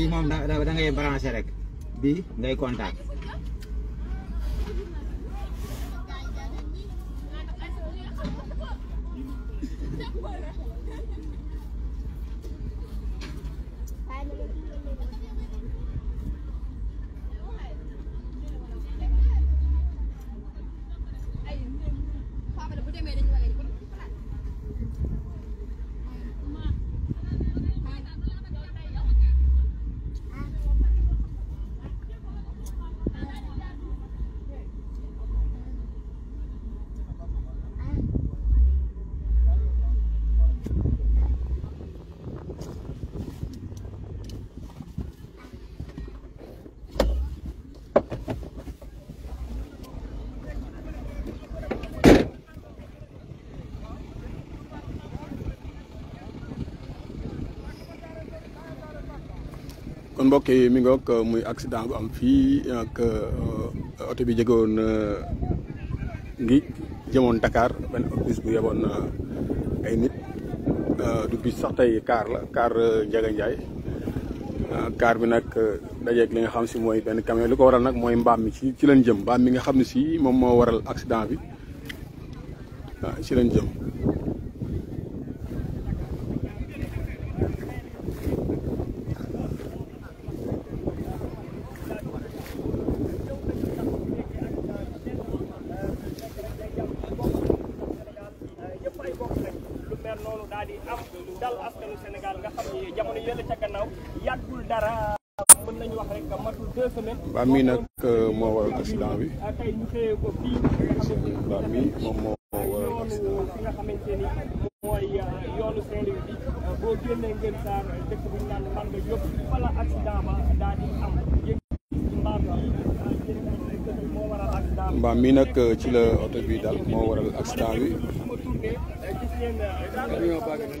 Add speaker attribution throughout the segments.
Speaker 1: bii moom da da ngay branché rek bii ngay contact. kon mbokk yi mi ngoog euh, muy accident bu am fii ak euh, oto bi jógewoon euh, ngi jëmoon Dakar benn bus bu yeboon ay nit du bus sax tey kaar la kaar Ndiaga Ndiaye kaar bi nag dajeeg li nga xam si mooy benn camion li ko waral nag mooy mbaam mi ci ci lañ jëm mbaam mi nga xam ne si moom moo waral accident bi ci lañ jëm dalal mi nag euh, bi. am yëg nag euh, ci la oto bi daal moo waral accident bi. Euh,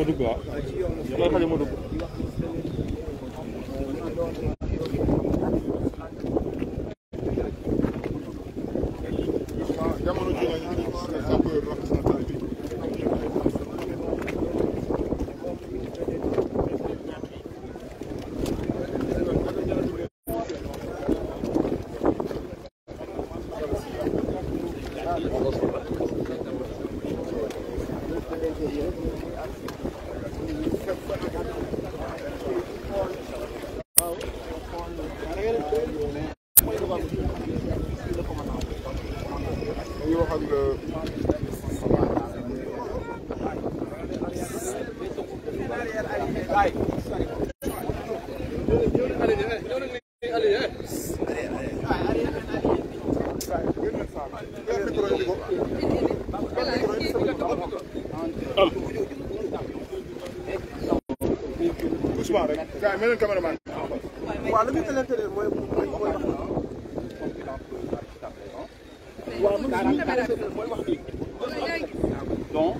Speaker 1: Modou quoi. ñu wax ak euh, Ousmane rek gars yi mel leen caméraman donc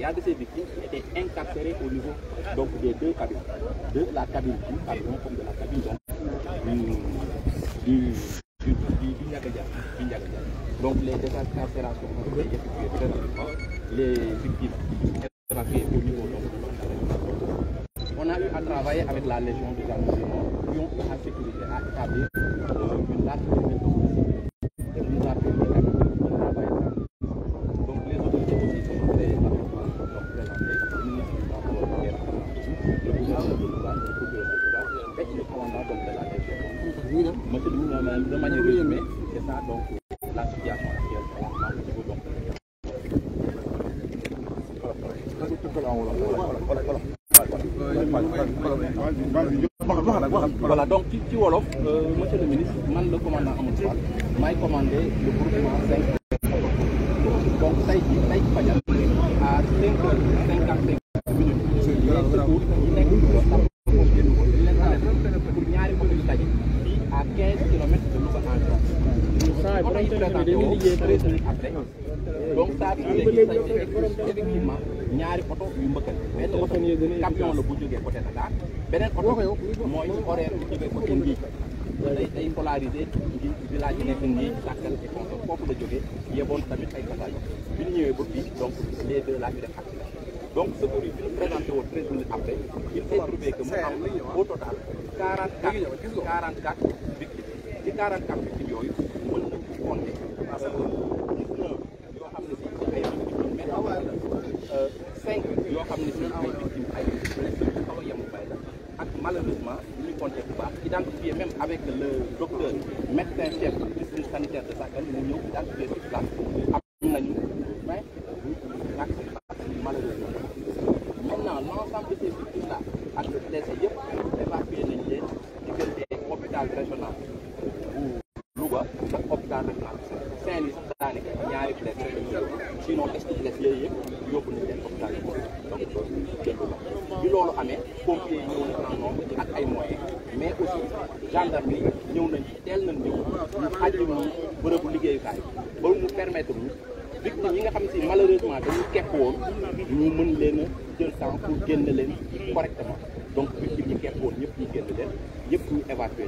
Speaker 1: Parce de ces victimes qui étaient au niveau donc, des deux cabines, de la cabine du pavillon comme de la cabine donc, du, Donc les désincarcérations ont été effectuées Les victimes On a eu à travailler avec la Légion de gendarmerie qui ont eu à sécuriser, à établir euh, une large Monsieur de manière résumée, c'est ça donc la situation actuelle au niveau donc voilà donc ci ci wolof euh, monsieur le ministre man la commandant Amadou Fall commandé le groupement 5 présenté woo treize minutes après donc saa fi mu nekk effectivement ñaari oto yu mbëkkal benn oto camion la bu jógee côté Dakar beneen oto mooy horaire bu jógee côté Ngiy day day polarisé ngi village nekk Ngiy Sakal et Fonto foofu la jógee yeboon tamit ay passage bi ñu ñëwee ba fii donc les deux là ñu def accident donc secours yi bi ñu présenté woo treize minutes après il s'est trouvé que mu total quarante quatre quarante ci quarante quatre yooyu compter parce yoo xam ne si ay victimes cinq yoo xam ne si ay victimes ay a yem bay malheureusement ñu compter bu baax identifié même avec le docteur médecin chef district sanitaire de Sakane mu ñëw identifié sur place am nañu vingt ñàkk seen bakkan malheureusement maintenant l'ensemble de ces victimes là ak blessés yëpp évacué hôpital régional Dakar rek la Saint-Louis sax daanaka ñaari flèche lañ sinon est flèche yooyu yëpp yóbbu nañ leen hôpital bi donc loolu dégg amee pompier ñëw nañ en nombre ak ay moyens mais aussi gendarmerie ñëw nañ teel nañ ñëw ñu xàjji ñu bërëbu liggéeyukaay ba mu permettre ñu victime yi nga xam si malheureusement dañu kepp woon ñu mën leen jël temps pour génn leen correctement donc victime yi kepp woon ñëpp ñu génn leen yëpp ñu évacué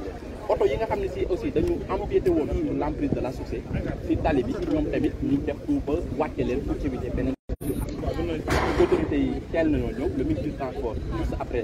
Speaker 1: oto yi nga xam ne si aussi dañu empiété woon sur l'emprise de la chaussée si tali bi ñoom tamit ñu def tout ba wàcce leen pour éviter beneen autorité yi teel nañoo ñëw le ministre du transport juste après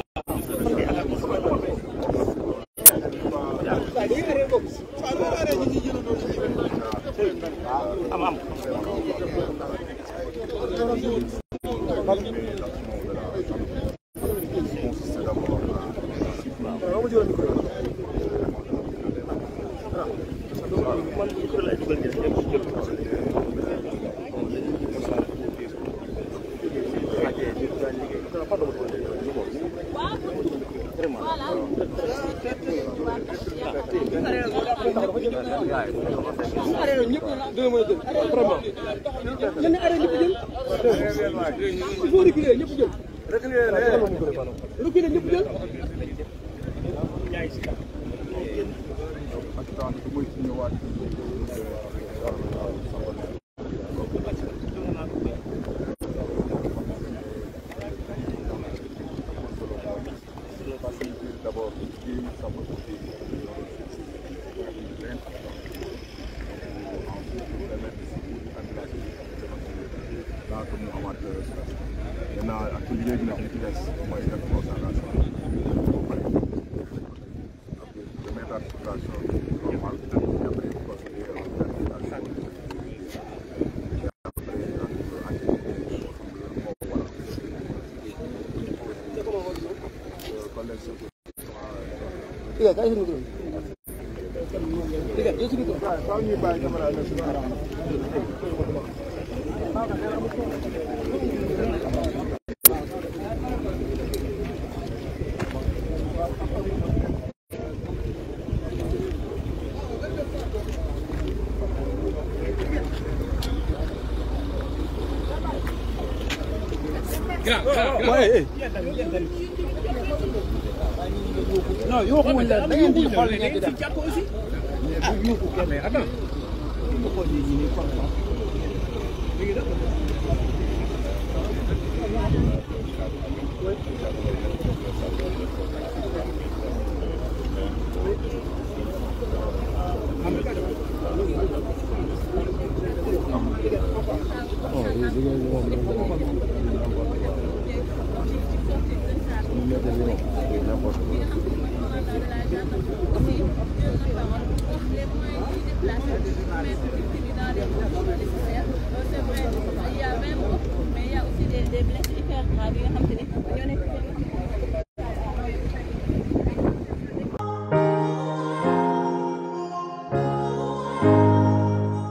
Speaker 1: ak taal bi mooy suñu waaj ठीक है कैसे निकलो ठीक है जैसे निकलो सामने बाय camera waaye non yoo xam da ngeen di xool ngeen di def ah yoo xam ne attends. Oh,